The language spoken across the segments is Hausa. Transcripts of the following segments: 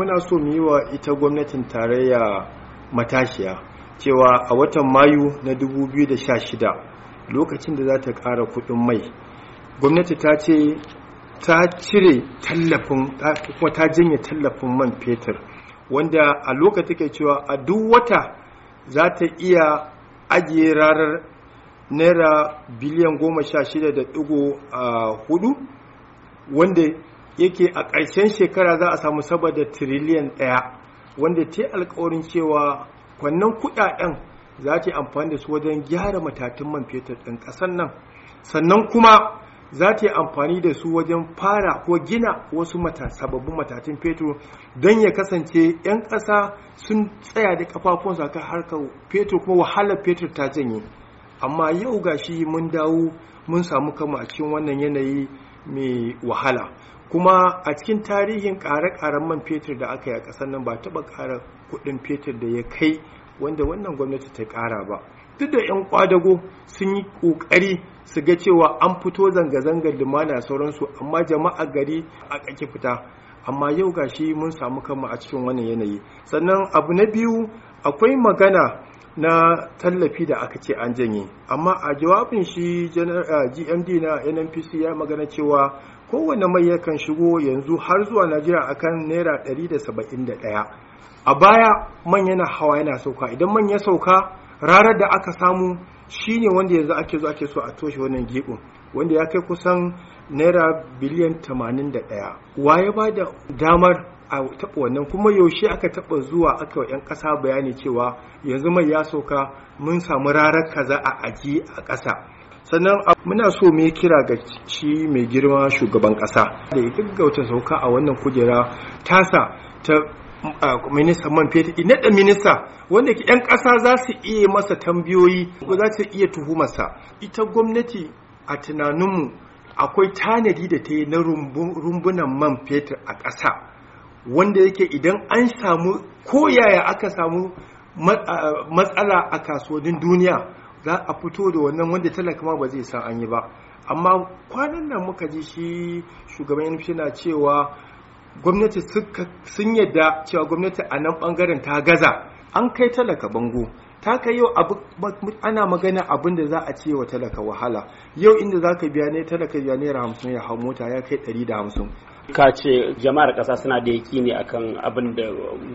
muna so mu yi wa ita gwamnatin tarayya matashiya cewa a watan mayu na 2016 lokacin da za ta ƙara kuɗin mai gwamnati ta ce ta cire tallafin kuma ta janye tallafin man fetur wanda a lokacin ke cewa a duk wata za ta iya ajiye ranar naira biliyan goma sha shida da ɗigo a ah, hudu wanda yake a ƙarshen shekara za a samu saboda tiriliyan ɗaya wanda ce alkawarin cewa kwannan kuɗaɗen za ta yi amfani da su wajen gyara matatun man fetur ɗin ƙasar nan sannan kuma za ta yi amfani da su wajen fara ko gina wasu sababbin matatun fetur don ya kasance 'yan ƙasa sun tsaya da kafafunsa kan harkar fetur kuma wahalar fetur ta janye amma yau gashi mun dawo mun samu kama a cikin wannan yanayi mai wahala kuma a cikin tarihin ƙare-ƙaren man fetur da aka yi a ƙasar nan ba taɓa ƙara kuɗin fetur da ya kai wanda wannan gwamnati ta ƙara ba duk da 'yan kwadago sun yi ƙoƙari su ga cewa an fito zanga-zangar lumana sauransu amma jama'a gari a ƙaƙi fita amma yau gashi mun samu kanmu a cikin wannan yanayi sannan abu na biyu akwai magana na tallafi da aka ce an janye amma a jawabin shi gmd na nnpc ya magana cewa kowane mai yakan shigo yanzu har zuwa najeriya akan naira 171 a baya man yana hawa yana sauka idan man sauka rarar da aka samu shine wanda yanzu ake zo ake so a toshe wannan gibin wanda ya kai kusan naira biliyan 81 waye ba da damar a taɓa wannan kuma yaushe aka taɓa zuwa aka wa 'yan ƙasa bayani cewa yanzu mai ya sauka mun samu rarar kaza a aji a ƙasa sannan muna so mai kira ga shi mai girma shugaban ƙasa da ya gaggauta sauka a wannan kujera tasa ta ministan man fetur da minista wanda 'yan ƙasa za su iya masa tambayoyi ko za su iya tuhumarsa ita gwamnati a tunaninmu akwai tanadi da ta yi na rumbunan man fetur a ƙasa wanda yake idan an samu ko yaya aka samu matsala a kasuwannin duniya za a fito da wannan wanda talaka ma ba zai san an yi ba amma kwanan nan muka ji shi shugaban na cewa gwamnati sun yadda cewa gwamnati a nan bangaren ta gaza an kai talaka bango ta kai yau ana magana abin da za a ce wa talaka wahala yau inda za ka biya ne talaka biya naira hamsin ya hau mota ya kai ɗari da hamsin ka ce jama'ar ƙasa suna da ne akan abin da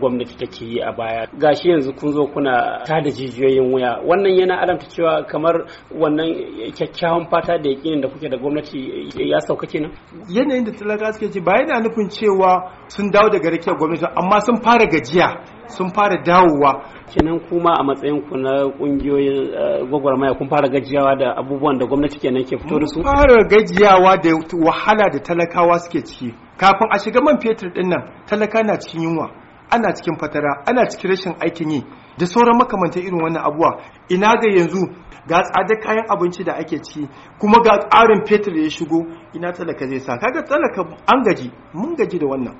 gwamnati take yi a baya gashi yanzu kun zo kuna tada jijiyoyin wuya wannan yana alamta cewa kamar wannan kyakkyawan fata da ne da kuke da gwamnati ya sauka kenan yanayin da talaka suke ce ba yana nufin cewa sun dawo daga rikiyar gwamnati amma sun fara gajiya sun fara dawowa kenan kuma a matsayin ku na kungiyoyin eh, gwagwarmaya kun fara gajiyawa da abubuwan da gwamnati kenan ke fito da su fara gajiyawa da wahala da talakawa suke ciki kafin a shiga man fetur din nan talaka na cikin yunwa ana cikin fatara ana cikin rashin aikin yi da sauran makamantar irin wannan abuwa ina ga yanzu ga tsadar kayan abinci da ake ci kuma ga tsarin fetur da ya shigo ina talaka zai sa kaga talaka an gaji mun gaji da wannan